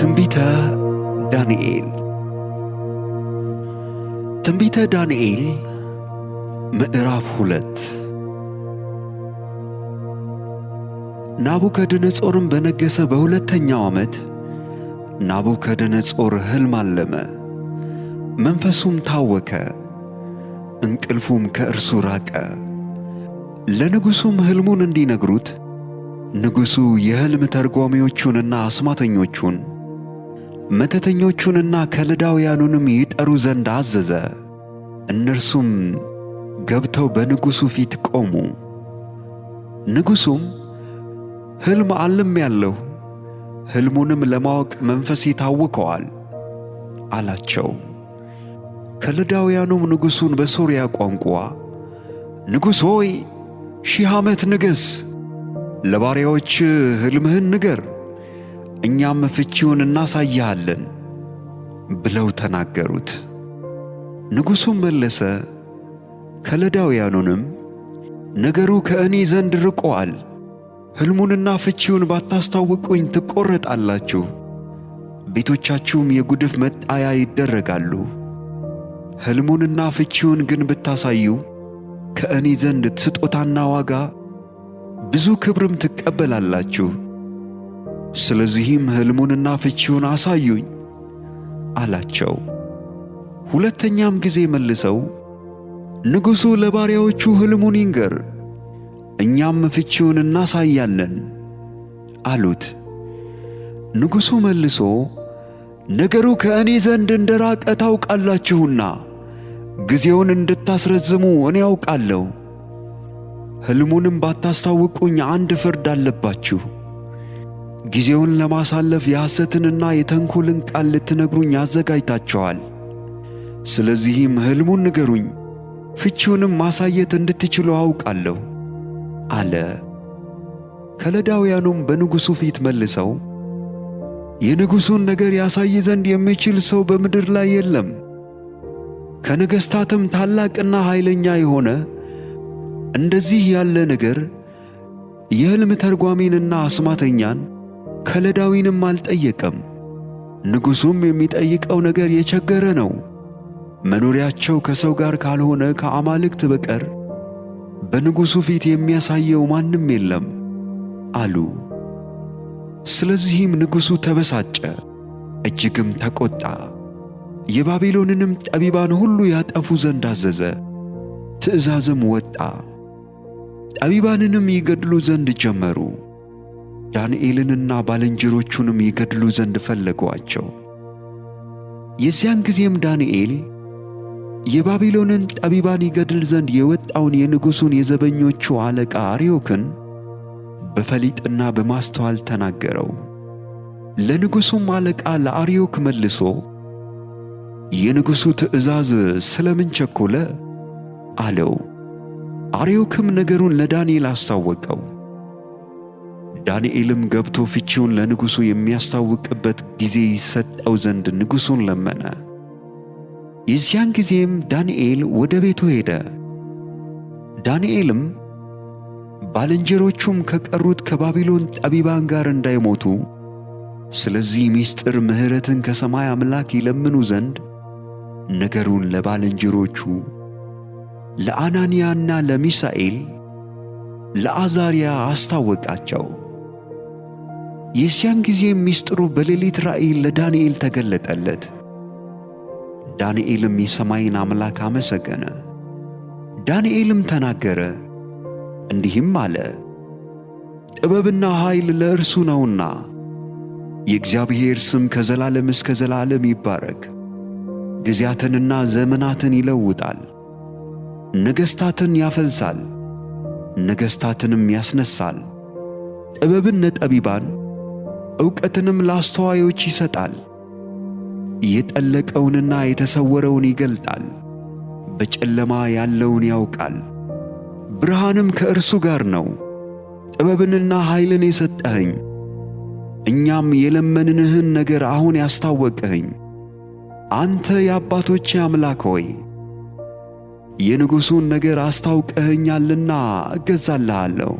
ትንቢተ ዳንኤል ትንቢተ ዳንኤል ምዕራፍ ሁለት ናቡከደነጾርም በነገሰ በሁለተኛው ዓመት ናቡከደነጾር ሕልም አለመ፣ መንፈሱም ታወከ፣ እንቅልፉም ከእርሱ ራቀ። ለንጉሡም ሕልሙን እንዲነግሩት ንጉሡ የሕልም ተርጓሚዎቹንና አስማተኞቹን መተተኞቹንና ከለዳውያኑንም ይጠሩ ዘንድ አዘዘ። እነርሱም ገብተው በንጉሡ ፊት ቆሙ። ንጉሡም ሕልም ያለሁ ሕልሙንም ለማወቅ መንፈሴ ታውከዋል አላቸው። ከለዳውያኑም ንጉሡን በሶርያ ቋንቋ ንጉሥ ሆይ ሺህ ዓመት ንገሥ፣ ለባሪያዎች ሕልምህን ንገር እኛም ፍቺውን እናሳይሃለን ብለው ተናገሩት። ንጉሡም መለሰ፣ ከለዳውያኑንም ነገሩ ከእኔ ዘንድ ርቆአል፣ ሕልሙንና ፍቺውን ባታስታውቁኝ ትቈረጣላችሁ፣ ቤቶቻችሁም የጉድፍ መጣያ ይደረጋሉ። ሕልሙንና ፍቺውን ግን ብታሳዩ ከእኔ ዘንድ ስጦታና ዋጋ ብዙ ክብርም ትቀበላላችሁ ስለዚህም ሕልሙንና ፍቺውን አሳዩኝ አላቸው። ሁለተኛም ጊዜ መልሰው ንጉሡ ለባሪያዎቹ ሕልሙን ይንገር፣ እኛም ፍቺውን እናሳያለን አሉት። ንጉሡ መልሶ ነገሩ ከእኔ ዘንድ እንደ ራቀ ታውቃላችሁና ጊዜውን እንድታስረዝሙ እኔ አውቃለሁ። ሕልሙንም ባታስታውቁኝ አንድ ፍርድ አለባችሁ ጊዜውን ለማሳለፍ የሐሰትንና የተንኮልን ቃል ልትነግሩኝ አዘጋጅታችኋል። ስለዚህም ሕልሙን ንገሩኝ፣ ፍቺውንም ማሳየት እንድትችሉ አውቃለሁ አለ። ከለዳውያኑም በንጉሡ ፊት መልሰው የንጉሡን ነገር ያሳይ ዘንድ የሚችል ሰው በምድር ላይ የለም፣ ከነገሥታትም ታላቅና ኃይለኛ የሆነ እንደዚህ ያለ ነገር የሕልም ተርጓሚንና አስማተኛን ከለዳዊንም አልጠየቀም። ንጉሡም የሚጠይቀው ነገር የቸገረ ነው። መኖሪያቸው ከሰው ጋር ካልሆነ ከአማልክት በቀር በንጉሡ ፊት የሚያሳየው ማንም የለም አሉ። ስለዚህም ንጉሡ ተበሳጨ፣ እጅግም ተቆጣ የባቢሎንንም ጠቢባን ሁሉ ያጠፉ ዘንድ አዘዘ፣ ትእዛዝም ወጣ። ጠቢባንንም ይገድሉ ዘንድ ጀመሩ። ዳንኤልንና ባልንጀሮቹንም ይገድሉ ዘንድ ፈለጓቸው። የዚያን ጊዜም ዳንኤል የባቢሎንን ጠቢባን ይገድል ዘንድ የወጣውን የንጉሡን የዘበኞቹ አለቃ አርዮክን በፈሊጥና በማስተዋል ተናገረው። ለንጉሡም አለቃ ለአርዮክ መልሶ የንጉሡ ትእዛዝ ስለ ምን ቸኮለ? አለው። አርዮክም ነገሩን ለዳንኤል አስታወቀው። ዳንኤልም ገብቶ ፍቺውን ለንጉሡ የሚያስታውቅበት ጊዜ ይሰጠው ዘንድ ንጉሡን ለመነ። የዚያን ጊዜም ዳንኤል ወደ ቤቱ ሄደ። ዳንኤልም ባልንጀሮቹም ከቀሩት ከባቢሎን ጠቢባን ጋር እንዳይሞቱ ስለዚህ ምስጢር ምሕረትን ከሰማይ አምላክ ይለምኑ ዘንድ ነገሩን ለባልንጀሮቹ ለአናንያና ለሚሳኤል ለአዛርያ አስታወቃቸው። የዚያን ጊዜ ምስጢሩ በሌሊት ራእይ ለዳንኤል ተገለጠለት። ዳንኤልም የሰማይን አምላክ አመሰገነ። ዳንኤልም ተናገረ እንዲህም አለ፣ ጥበብና ኃይል ለእርሱ ነውና የእግዚአብሔር ስም ከዘላለም እስከ ዘላለም ይባረክ። ጊዜያትንና ዘመናትን ይለውጣል፣ ነገሥታትን ያፈልሳል፣ ነገሥታትንም ያስነሳል። ጥበብን ለጠቢባን ዕውቀትንም ለአስተዋዮች ይሰጣል። የጠለቀውንና የተሰወረውን ይገልጣል፣ በጨለማ ያለውን ያውቃል። ብርሃንም ከእርሱ ጋር ነው። ጥበብንና ኃይልን የሰጠኸኝ፣ እኛም የለመንንህን ነገር አሁን ያስታወቅኸኝ አንተ የአባቶች አምላክ ሆይ የንጉሡን ነገር አስታውቀኸኛልና እገዛልሃለሁ፣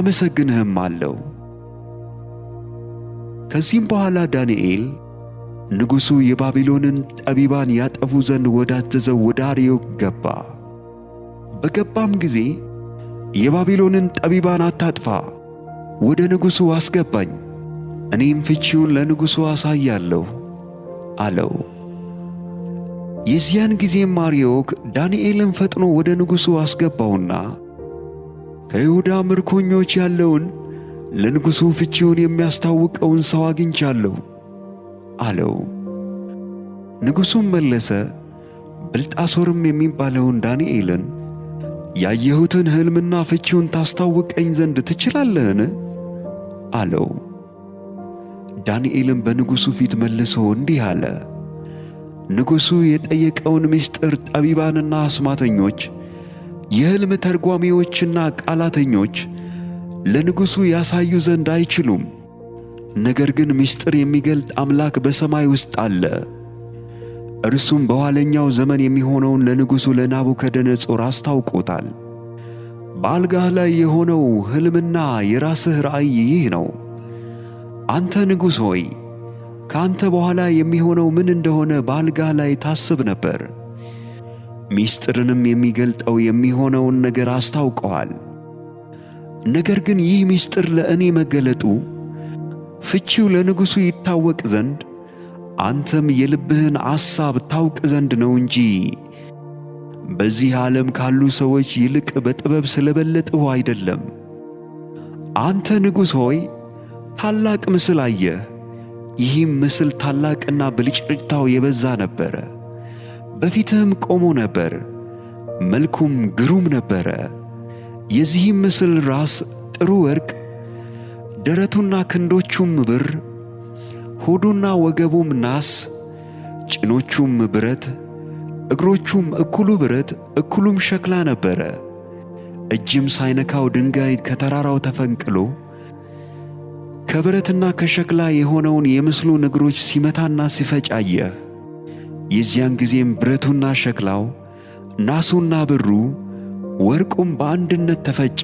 አመሰግንህም አለው። ከዚህም በኋላ ዳንኤል ንጉሡ የባቢሎንን ጠቢባን ያጠፉ ዘንድ ወዳዘዘው ወደ አርዮክ ገባ። በገባም ጊዜ የባቢሎንን ጠቢባን አታጥፋ፣ ወደ ንጉሡ አስገባኝ፣ እኔም ፍቺውን ለንጉሡ አሳያለሁ አለው። የዚያን ጊዜም አርዮክ ዳንኤልን ፈጥኖ ወደ ንጉሡ አስገባውና ከይሁዳ ምርኮኞች ያለውን ለንጉሡ ፍቺውን የሚያስታውቀውን ሰው አግኝቻለሁ አለው። ንጉሡም መለሰ፣ ብልጣሶርም የሚባለውን ዳንኤልን ያየሁትን ሕልምና ፍቺውን ታስታውቀኝ ዘንድ ትችላለህን? አለው። ዳንኤልም በንጉሡ ፊት መልሶ እንዲህ አለ፣ ንጉሡ የጠየቀውን ምስጢር ጠቢባንና አስማተኞች፣ የሕልም ተርጓሚዎችና ቃላተኞች ለንጉሡ ያሳዩ ዘንድ አይችሉም። ነገር ግን ምስጢር የሚገልጥ አምላክ በሰማይ ውስጥ አለ። እርሱም በኋለኛው ዘመን የሚሆነውን ለንጉሡ ለናቡከደነጾር አስታውቆታል። በአልጋህ ላይ የሆነው ሕልምና የራስህ ራእይ ይህ ነው። አንተ ንጉሥ ሆይ ከአንተ በኋላ የሚሆነው ምን እንደሆነ በአልጋህ ላይ ታስብ ነበር። ምስጢርንም የሚገልጠው የሚሆነውን ነገር አስታውቀዋል። ነገር ግን ይህ ምስጢር ለእኔ መገለጡ ፍቺው ለንጉሡ ይታወቅ ዘንድ አንተም የልብህን አሳብ ታውቅ ዘንድ ነው እንጂ በዚህ ዓለም ካሉ ሰዎች ይልቅ በጥበብ ስለበለጥሁ አይደለም። አንተ ንጉሥ ሆይ ታላቅ ምስል አየህ፤ ይህም ምስል ታላቅና ብልጭልጭታው የበዛ ነበረ። በፊትህም ቆሞ ነበር፣ መልኩም ግሩም ነበረ። የዚህም ምስል ራስ ጥሩ ወርቅ፣ ደረቱና ክንዶቹም ብር፣ ሆዱና ወገቡም ናስ፣ ጭኖቹም ብረት፣ እግሮቹም እኩሉ ብረት እኩሉም ሸክላ ነበረ። እጅም ሳይነካው ድንጋይ ከተራራው ተፈንቅሎ ከብረትና ከሸክላ የሆነውን የምስሉን እግሮች ሲመታና ሲፈጭ አየህ። የዚያን ጊዜም ብረቱና ሸክላው ናሱና ብሩ ወርቁም በአንድነት ተፈጨ።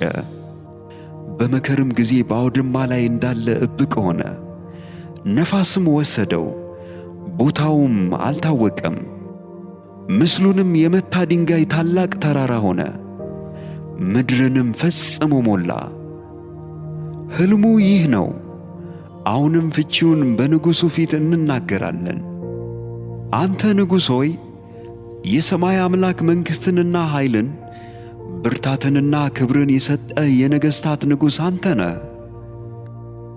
በመከርም ጊዜ በአውድማ ላይ እንዳለ እብቅ ሆነ፣ ነፋስም ወሰደው፣ ቦታውም አልታወቀም። ምስሉንም የመታ ድንጋይ ታላቅ ተራራ ሆነ፣ ምድርንም ፈጽሞ ሞላ። ሕልሙ ይህ ነው። አሁንም ፍቺውን በንጉሡ ፊት እንናገራለን። አንተ ንጉሥ ሆይ የሰማይ አምላክ መንግሥትንና ኃይልን ብርታትንና ክብርን የሰጠ የነገሥታት ንጉሥ አንተ ነህ።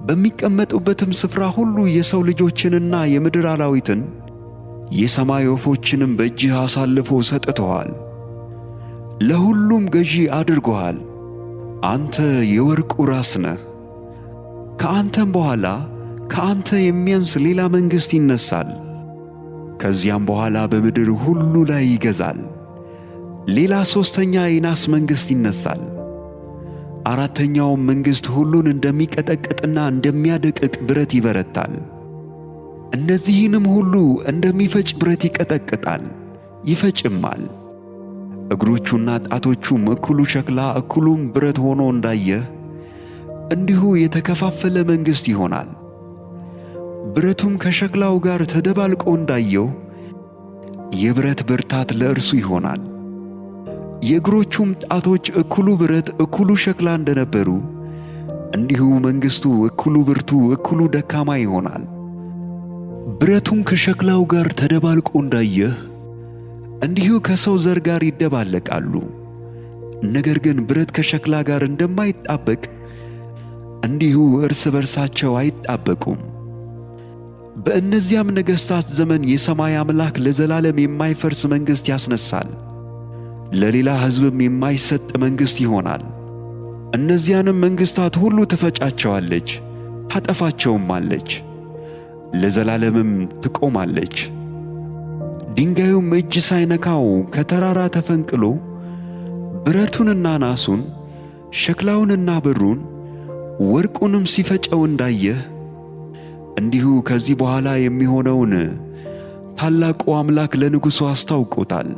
በሚቀመጡበትም ስፍራ ሁሉ የሰው ልጆችንና የምድር አላዊትን የሰማይ ወፎችንም በእጅህ አሳልፎ ሰጥተዋል፣ ለሁሉም ገዢ አድርጎሃል። አንተ የወርቁ ራስ ነህ። ከአንተም በኋላ ከአንተ የሚያንስ ሌላ መንግሥት ይነሣል፣ ከዚያም በኋላ በምድር ሁሉ ላይ ይገዛል። ሌላ ሦስተኛ የናስ መንግሥት ይነሣል። አራተኛውም መንግሥት ሁሉን እንደሚቀጠቅጥና እንደሚያደቅቅ ብረት ይበረታል። እነዚህንም ሁሉ እንደሚፈጭ ብረት ይቀጠቅጣል ይፈጭማል። እግሮቹና ጣቶቹም እኩሉ ሸክላ እኩሉም ብረት ሆኖ እንዳየህ እንዲሁ የተከፋፈለ መንግሥት ይሆናል። ብረቱም ከሸክላው ጋር ተደባልቆ እንዳየው የብረት ብርታት ለእርሱ ይሆናል። የእግሮቹም ጣቶች እኩሉ ብረት እኩሉ ሸክላ እንደነበሩ እንዲሁ መንግሥቱ እኩሉ ብርቱ እኩሉ ደካማ ይሆናል። ብረቱም ከሸክላው ጋር ተደባልቆ እንዳየህ እንዲሁ ከሰው ዘር ጋር ይደባለቃሉ። ነገር ግን ብረት ከሸክላ ጋር እንደማይጣበቅ እንዲሁ እርስ በርሳቸው አይጣበቁም። በእነዚያም ነገሥታት ዘመን የሰማይ አምላክ ለዘላለም የማይፈርስ መንግሥት ያስነሳል። ለሌላ ሕዝብም የማይሰጥ መንግሥት ይሆናል። እነዚያንም መንግሥታት ሁሉ ትፈጫቸዋለች፣ ታጠፋቸውማለች፣ ለዘላለምም ትቆማለች። ድንጋዩም እጅ ሳይነካው ከተራራ ተፈንቅሎ ብረቱንና ናሱን ሸክላውንና ብሩን ወርቁንም ሲፈጨው እንዳየህ እንዲሁ ከዚህ በኋላ የሚሆነውን ታላቁ አምላክ ለንጉሡ አስታውቆታል።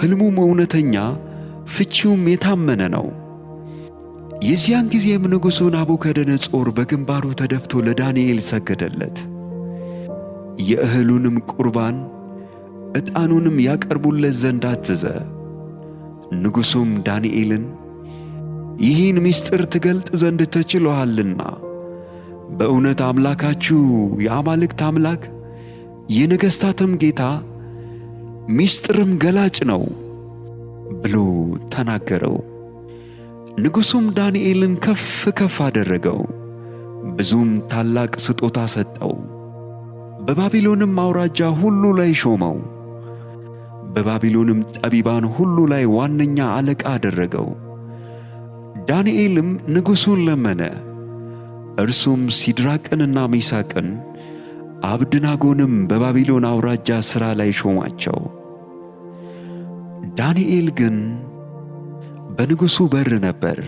ሕልሙም እውነተኛ ፍቺውም የታመነ ነው። የዚያን ጊዜም ንጉሡ ናቡከደነጾር በግንባሩ ተደፍቶ ለዳንኤል ሰገደለት። የእህሉንም ቁርባን ዕጣኑንም ያቀርቡለት ዘንድ አዘዘ። ንጉሡም ዳንኤልን ይህን ምስጢር ትገልጥ ዘንድ ተችሎሃልና በእውነት አምላካችሁ የአማልክት አምላክ የነገሥታትም ጌታ ምስጢርም ገላጭ ነው ብሎ ተናገረው። ንጉሡም ዳንኤልን ከፍ ከፍ አደረገው፣ ብዙም ታላቅ ስጦታ ሰጠው። በባቢሎንም አውራጃ ሁሉ ላይ ሾመው፣ በባቢሎንም ጠቢባን ሁሉ ላይ ዋነኛ አለቃ አደረገው። ዳንኤልም ንጉሡን ለመነ። እርሱም ሲድራቅንና ሚሳቅን አብድናጎንም በባቢሎን አውራጃ ሥራ ላይ ሾማቸው። ዳንኤል ግን በንጉሡ በር ነበር።